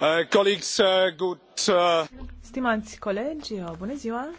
Uh, uh, uh, Stimați colegi, bună ziua!